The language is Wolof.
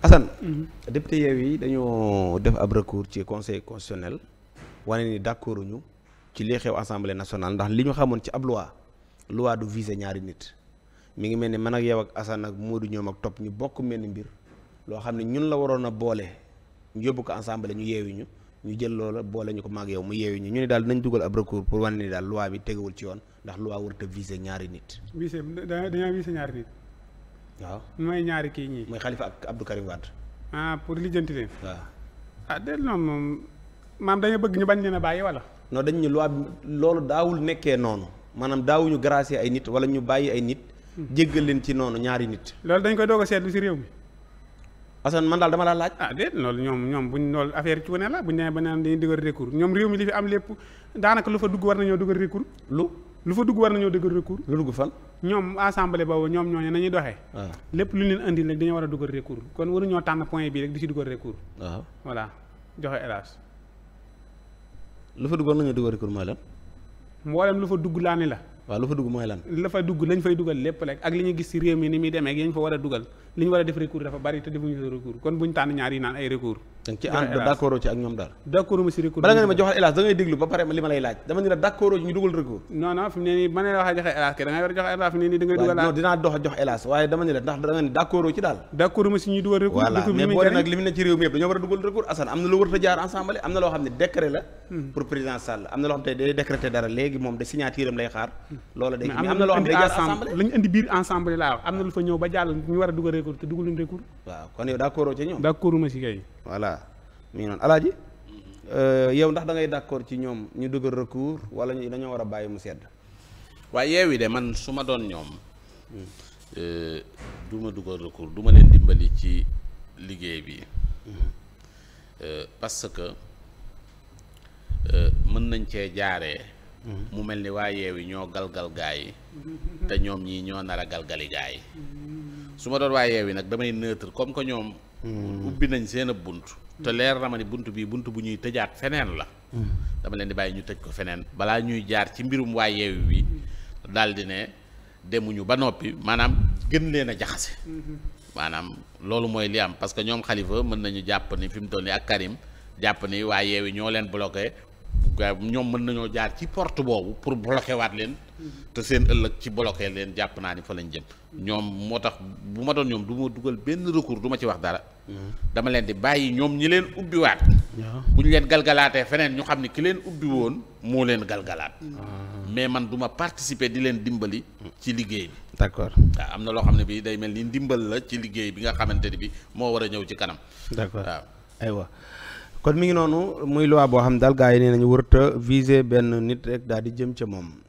Assane mm-hmm. député yeew yi dañoo def ab ci conseil constitutionnel wane ni d'accord ñu ci li xew assemblée national ndax li ñu xamoon ci ab loi loi du viser ñaari nit mu ngi mel ni man ak yow ak Assane ak Modou ñoom ak topp ñu bokk mel ni mbir loo xam ne ñun la waroon a boole ñu yóbbu ko assemblée ñu yeewi ñu ñu jël loola boole ñu ko mag yow mu yeewi ñu ñu ne daal nañ dugal ab recours pour wane ni daal luwa bi tegewul ci yoon ndax loi warut a ñaari nit. waaw mooy ñaari kii ñii. mooy xalifa ak Abdou Karim Wade. Ah, pour lijjanti leen. waaw ah déedéet non moom maam dañu bëgg ñu bañ leen bàyyi wala. non dañ ñu loi loolu daawul nekkee noonu maanaam daawuñu gracier ay nit wala ñu bàyyi ay nit. Hmm. jéggal leen ci noonu ñaari nit. loolu dañ koy doog a seetlu si réew mi. Assane man daal dama laa laaj. ah déet loolu ñoom ñoom buñ loolu affaire ci wane la buñ demee ba naan dañuy dugal recours ñoom réew mi li fi am lépp daanaka lu fa dugg war nañoo dugal recours lu. lu fa dugg war nañoo dëggal recours. lu dugg fan. ñoom assemblée boobu ñoom ñooñu nañuy doxee. Ah. lépp lu leen indi rek dañoo war a duggal recours kon waruñoo tànn point bi rek di ci duggal recours. waaw ah. voilà joxe hélas. lu fa dugg war nañoo duggal recours mooy lan. mboolem lu fa dugg laa ni la. waaw lu fa dugg mooy lan. la fa dugg lañ fay dugal lépp rek ak li ñu gis ci réew mi ni muy demee ak yañ fa war a dugal li ñu war a def recours dafa bari te defuñu fa kon buñ tànn ñaar yi naan ay danga ci ànd d'accord ci ak ñoom daal d'accord ma si recours bala nga ne ma joxal hélas da ngay déglu ba pare li ma lay laaj dama ne la d'accord ci ñu dugal recours non non fi mu ne nii ma ne la waxee joxe hélas kay da ngay war a joxe hélas fi mu ne nii da ngay dugal non dinaa dox jox hélas waaye dama ne la ndax da nga ne d'accord ci daal d'accord ma si ñu dugal recours voilà mais boo nag li mu ne ci réew mi yëpp dañoo war a dugal recours Assane am na lu war a jaar ensemble am na loo xam ne décret la hmm. pour président Sall am na loo xam te day décrété dara léegi moom de signature am lay xaar hmm. loola day am na loo xam ne day jaar ensemble lañu indi biir ensemble laa am na lu fa ñëw ba jàll ñu war a dugal recours te dugaluñ recours waaw kon yow d'accord ci ñoom. d'accord ma si kay. voilà mi ngi noonu alaaji euh, yow ndax da ngay d'accord ci ñoom ñu dugg recours wala ñu dañoo war a bàyyi mu sedd. waaye yeewi de man su ma doon ñoom. Hmm. Euh, duma ma dugal recours du ma leen dimbali ci liggéey bi hmm. euh, parce que mën nañ cee jaaree. Hmm. mu mel ni waa yeewi ñoo galgal gaa te ñoom ñii ñoo nar a galgali gaa su ma doon waa yeewi nag damay neutre comme que ñoom. Hmm. ubbi nañ seen ab bunt. te leer na ma ni bunt bii bunt bu ñuy tëjaat feneen la. Hmm. dama leen di bàyyi ñu tëj ko feneen balaa ñuy jaar ci mbirum waa yeewi bi daal di ne demuñu ba noppi maanaam gën leen a jaxase. Hmm. maanaam loolu mooy li am parce que ñoom xalifa mën nañu jàpp ni fi mu toll nii ak Karim jàpp ni waa yeewi ñoo leen bloqué ñoom mën nañoo jaar ci porte boobu pour bloqué waat leen. te seen ëllëg ci bloqué leen jàpp naa ni fa lañ jëm ñoom moo tax bu ma doon ñoom du ma dugal benn recours du ma ci wax dara dama leen di bàyyi ñoom ñi leen ubbiwaat bu ñu leen galgalaatee feneen ñu xam ne ki leen ubbi woon moo leen galgalaat ah. mais man duma ma participer di leen dimbali ci liggéey bi d'accord waaw am na loo xam ne bii day mel ni ndimbal la ci liggéey bi nga xamante ni bi moo war a ñëw ci kanam d'accord waaw aywa kon mu ngi noonu muy loi boo xam daal gars nee nañu wërta viser benn nit daal di jëm ca moom